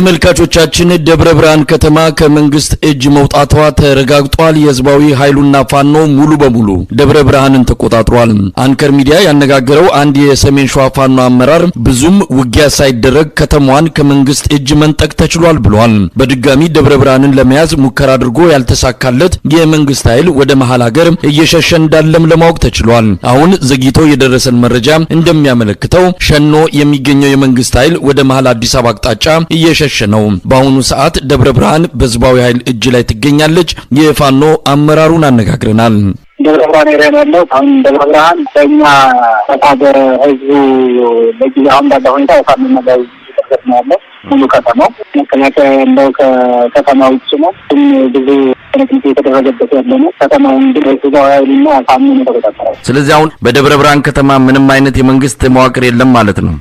ተመልካቾቻችን ደብረ ብርሃን ከተማ ከመንግስት እጅ መውጣቷ ተረጋግጧል። የህዝባዊ ኃይሉና ፋኖ ሙሉ በሙሉ ደብረ ብርሃንን ተቆጣጥሯል። አንከር ሚዲያ ያነጋገረው አንድ የሰሜን ሸዋ ፋኖ አመራር ብዙም ውጊያ ሳይደረግ ከተማዋን ከመንግስት እጅ መንጠቅ ተችሏል ብሏል። በድጋሚ ደብረ ብርሃንን ለመያዝ ሙከራ አድርጎ ያልተሳካለት የመንግስት ኃይል ወደ መሀል ሀገር እየሸሸ እንዳለም ለማወቅ ተችሏል። አሁን ዘግይቶ የደረሰን መረጃ እንደሚያመለክተው ሸኖ የሚገኘው የመንግስት ኃይል ወደ መሀል አዲስ አበባ አቅጣጫ እየሸ እየሸሸ ነው። በአሁኑ ሰዓት ደብረ ብርሃን በህዝባዊ ኃይል እጅ ላይ ትገኛለች። የፋኖ አመራሩን አነጋግረናል። ደብረ ብርሃን ሬን ያለው አሁን ደብረ ብርሃን በእኛ ተፋገር ህዝቡ በጊዜ አሁን ባለ ሁኔታ የፋኖ መጋዝ ነው ያለው ሙሉ ከተማው መከላከያ ያለው ከከተማ ውጭ ነው። ግን ብዙ ርክት የተደረገበት ያለ ነው። ከተማውን ግዛው ሀይልና ሳሚ ነው ስለዚህ አሁን በደብረ ብርሃን ከተማ ምንም አይነት የመንግስት መዋቅር የለም ማለት ነው።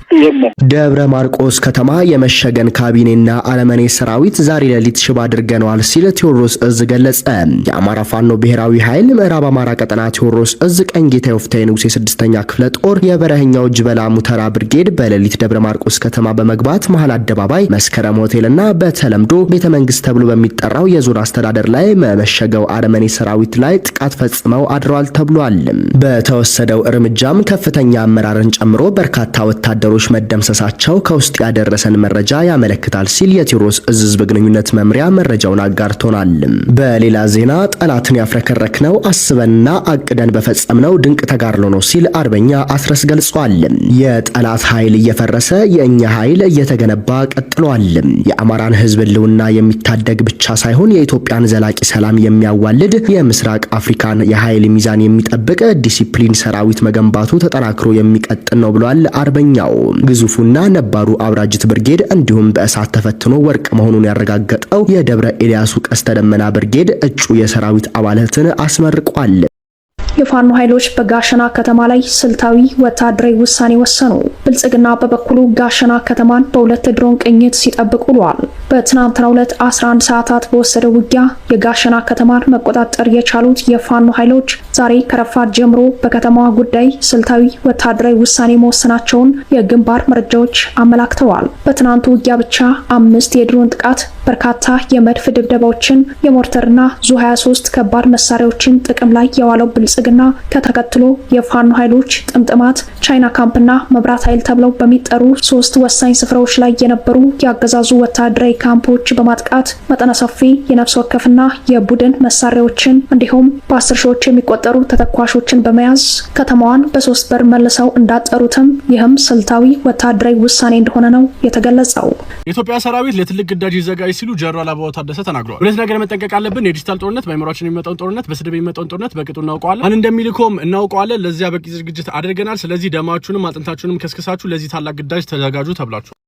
ደብረ ማርቆስ ከተማ የመሸገን ካቢኔና አለመኔ ሰራዊት ዛሬ ሌሊት ሽባ አድርገነዋል ሲል ቴዎድሮስ እዝ ገለጸ። የአማራ ፋኖ ብሔራዊ ኃይል ምዕራብ አማራ ቀጠና ቴዎድሮስ እዝ ጌታ ወፍታዬ ንጉስ ስድስተኛ ክፍለ ጦር የበረህኛው ጅበላ ሙተራ ብርጌድ በሌሊት ደብረ ማርቆስ ከተማ በመግባት መሀል አደባባይ አደባባይ፣ መስከረም ሆቴልና በተለምዶ ቤተ መንግስት ተብሎ በሚጠራው የዞን አስተዳደር ላይ መመሸገው አረመኔ ሰራዊት ላይ ጥቃት ፈጽመው አድረዋል ተብሏል። በተወሰደው እርምጃም ከፍተኛ አመራርን ጨምሮ በርካታ ወታደሮች መደምሰሳቸው ከውስጥ ያደረሰን መረጃ ያመለክታል ሲል የቴዎድሮስ እዝ ህዝብ ግንኙነት መምሪያ መረጃውን አጋርቶናል። በሌላ ዜና ጠላትን ያፍረከረክነው አስበንና አቅደን በፈጸምነው ድንቅ ተጋድሎ ነው ሲል አርበኛ አስረስ ገልጿል። የጠላት ኃይል እየፈረሰ የእኛ ኃይል እየተገነባ ቀጥሏል። የአማራን ህዝብ ህልውና የሚታደግ ብቻ ሳይሆን የኢትዮጵያን ዘላቂ ሰላም የሚያዋልድ የምስራቅ አፍሪካን የኃይል ሚዛን የሚጠብቅ ዲሲፕሊን ሰራዊት መገንባቱ ተጠናክሮ የሚቀጥል ነው ብሏል። አርበኛው ግዙፉና ነባሩ አብራጅት ብርጌድ እንዲሁም በእሳት ተፈትኖ ወርቅ መሆኑን ያረጋገጠው የደብረ ኤልያሱ ቀስተ ደመና ብርጌድ እጩ የሰራዊት አባላትን አስመርቋል። የፋኖ ኃይሎች በጋሸና ከተማ ላይ ስልታዊ ወታደራዊ ውሳኔ ወሰኑ። ብልጽግና በበኩሉ ጋሸና ከተማን በሁለት ድሮን ቅኝት ሲጠብቅ ውሏል። በትናንትናው ዕለት 11 ሰዓታት በወሰደው ውጊያ የጋሸና ከተማን መቆጣጠር የቻሉት የፋኖ ኃይሎች ዛሬ ከረፋት ጀምሮ በከተማዋ ጉዳይ ስልታዊ ወታደራዊ ውሳኔ መወሰናቸውን የግንባር መረጃዎች አመላክተዋል። በትናንቱ ውጊያ ብቻ አምስት የድሮን ጥቃት በርካታ የመድፍ ድብደባዎችን የሞርተርና ዙ 23 ከባድ መሳሪያዎችን ጥቅም ላይ የዋለው ብልጽግና ከተከትሎ የፋኖ ኃይሎች ጥምጥማት፣ ቻይና ካምፕና መብራት ኃይል ተብለው በሚጠሩ ሶስት ወሳኝ ስፍራዎች ላይ የነበሩ የአገዛዙ ወታደራዊ ካምፖች በማጥቃት መጠነ ሰፊ የነፍስ ወከፍና የቡድን መሳሪያዎችን እንዲሁም በአስር ሺዎች የሚቆጠሩ ተተኳሾችን በመያዝ ከተማዋን በሶስት በር መልሰው እንዳጠሩትም ይህም ስልታዊ ወታደራዊ ውሳኔ እንደሆነ ነው የተገለጸው። የኢትዮጵያ ሰራዊት ለትልቅ ግዳጅ ይዘጋጅ ሲሉ ጀሮ አላባው ታደሰ ተናግረዋል። ሁለት ነገር መጠንቀቅ አለብን። የዲጂታል ጦርነት፣ በአእምሯችን የሚመጣውን ጦርነት፣ በስድብ የሚመጣውን ጦርነት በቅጡ እናውቀዋለን። ማን እንደሚልከውም እናውቀዋለን። ለዚያ በቂ ዝግጅት አድርገናል። ስለዚህ ደማችሁንም አጥንታችሁንም ከስክሳችሁ ለዚህ ታላቅ ግዳጅ ተዘጋጁ ተብላችሁ